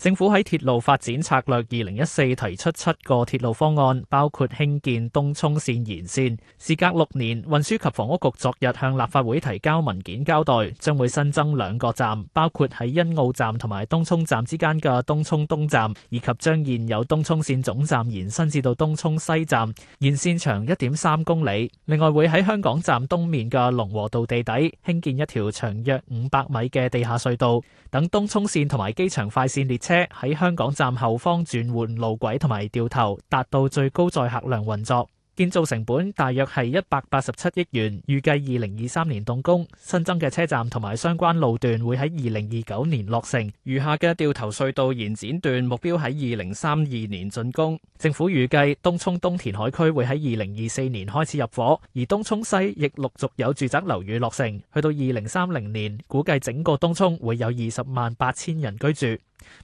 政府喺鐵路發展策略二零一四提出七個鐵路方案，包括興建東涌綫延綫。事隔六年，運輸及房屋局昨日向立法會提交文件交代，將會新增兩個站，包括喺欣澳站同埋東涌站之間嘅東涌東站，以及將現有東涌綫總站延伸至到東涌西站。延綫長一點三公里。另外會喺香港站東面嘅龍和道地底興建一條長約五百米嘅地下隧道，等東涌綫同埋機場快綫列車，車喺香港站後方轉換路軌同埋掉頭，達到最高載客量運作。建造成本大約係一百八十七億元，預計二零二三年動工。新增嘅車站同埋相關路段會喺二零二九年落成，餘下嘅掉頭隧道延展段目標喺二零三二年竣工。政府預計東涌東填海區會喺二零二四年開始入伙，而東涌西亦陸續有住宅樓宇落成，去到二零三零年估計整個東涌會有二十萬八千人居住。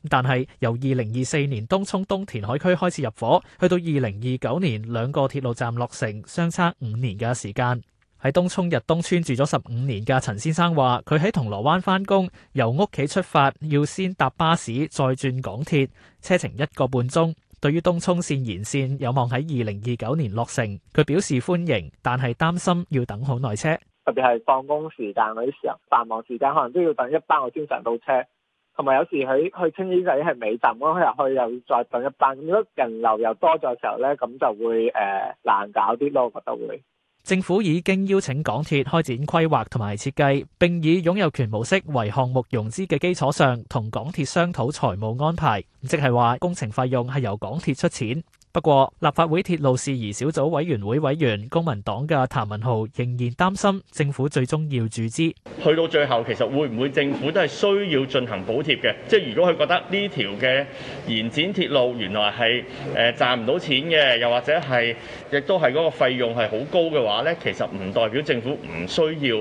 但係由二零二四年東涌東填海區開始入伙，去到二零二九年兩個鐵路站落成，相差五年嘅時間。喺東涌逸東村住咗十五年嘅陳先生話，佢喺銅鑼灣返工，由屋企出發要先搭巴士再轉港鐵，車程一個半鐘。對於東涌綫延綫有望喺二零二九年落成，佢表示歡迎，但係擔心要等好耐車，特別係放工時間嗰啲時候，繁忙時間，可能都要等一班我先上到車。同埋有時喺去青衣仔係尾站，咁入去又要再等一班。如果人流又多咗嘅時候咧，咁就會誒難搞啲咯，我覺得會。政府已經邀請港鐵開展規劃同埋設計，並以擁有權模式為項目融資嘅基礎上，同港鐵商討財務安排，即係話工程費用係由港鐵出錢。不過立法會鐵路事宜小組委員會委員公民黨嘅譚文豪仍然擔心政府最終要注資。去到最後其實會唔會政府都係需要進行補貼嘅？即係如果佢覺得呢條嘅延展鐵路原來係誒賺唔到錢嘅，又或者係亦都係個費用係好高嘅話咧，其實唔代表政府唔需要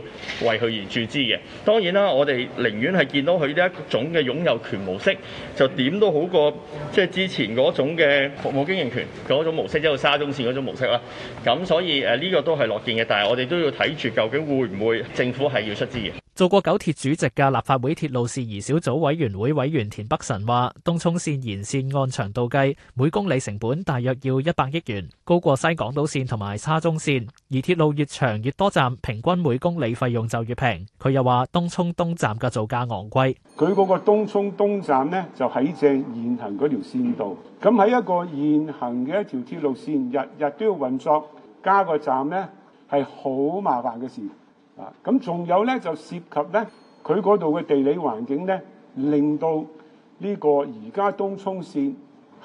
為佢而注資嘅。當然啦，我哋寧願係見到佢呢一種嘅擁有權模式，就點都好過即係之前嗰種嘅服務經營權嗰種模式，即係沙中線嗰種模式啦。咁所以誒，呢個都係樂見嘅，但係我哋都要睇住究竟會唔會政府係要出資嘅。做過九鐵主席嘅立法會鐵路事宜小組委員會委員田北辰話，東涌綫延綫按長度計，每公里成本大約要一百億元，高過西港島綫同埋沙中綫。而鐵路越長越多站，平均每公里費用就越平。佢又話，東涌東站嘅造價昂貴。佢嗰個東涌東站呢，就喺正現行嗰條綫度，咁喺一個現行嘅一條鐵路綫日日都要運作，加個站呢，係好麻煩嘅事。啊，咁仲有咧就涉及咧，佢嗰度嘅地理環境咧，令到呢個而家東涌綫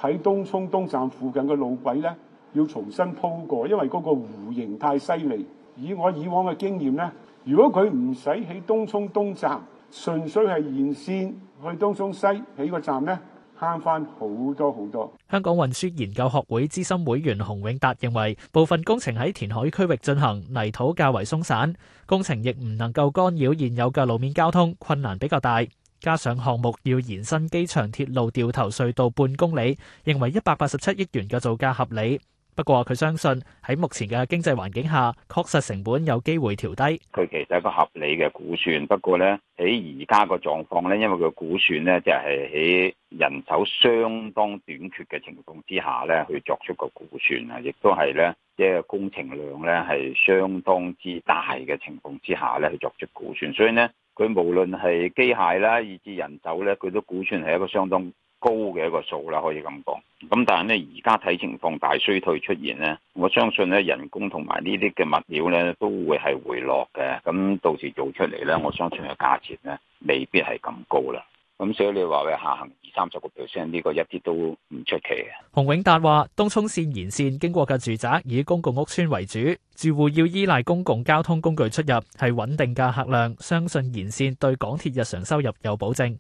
喺東涌東站附近嘅路軌咧，要重新鋪過，因為嗰個弧形太犀利。以我以往嘅經驗咧，如果佢唔使喺東涌東站，純粹係延綫去東涌西起個站咧。慳翻好多好多。香港運輸研究學會資深會員熊永達認為，部分工程喺填海區域進行，泥土較為鬆散，工程亦唔能夠干擾現有嘅路面交通，困難比較大。加上項目要延伸機場鐵路掉頭隧道半公里，認為一百八十七億元嘅造價合理。不過佢相信喺目前嘅經濟環境下，確實成本有機會調低。佢其實係一個合理嘅估算，不過呢，喺而家個狀況呢，因為佢估算呢，就係喺人手相當短缺嘅情況之下呢，去作出個估算啊，亦都係呢即係工程量呢係相當之大嘅情況之下呢，去作出估算。所以呢，佢無論係機械啦，以至人手呢，佢都估算係一個相當，高嘅一個數啦，可以咁講。咁但係呢，而家睇情況，大衰退出現呢，我相信呢人工同埋呢啲嘅物料呢都會係回落嘅。咁到時做出嚟呢，我相信嘅價錢呢未必係咁高啦。咁所以你話佢下行二三十個 percent，呢個一啲都唔出奇嘅。熊永達話：東涌線延線經過嘅住宅以公共屋邨為主，住戶要依賴公共交通工具出入，係穩定嘅客量，相信延線對港鐵日常收入有保證。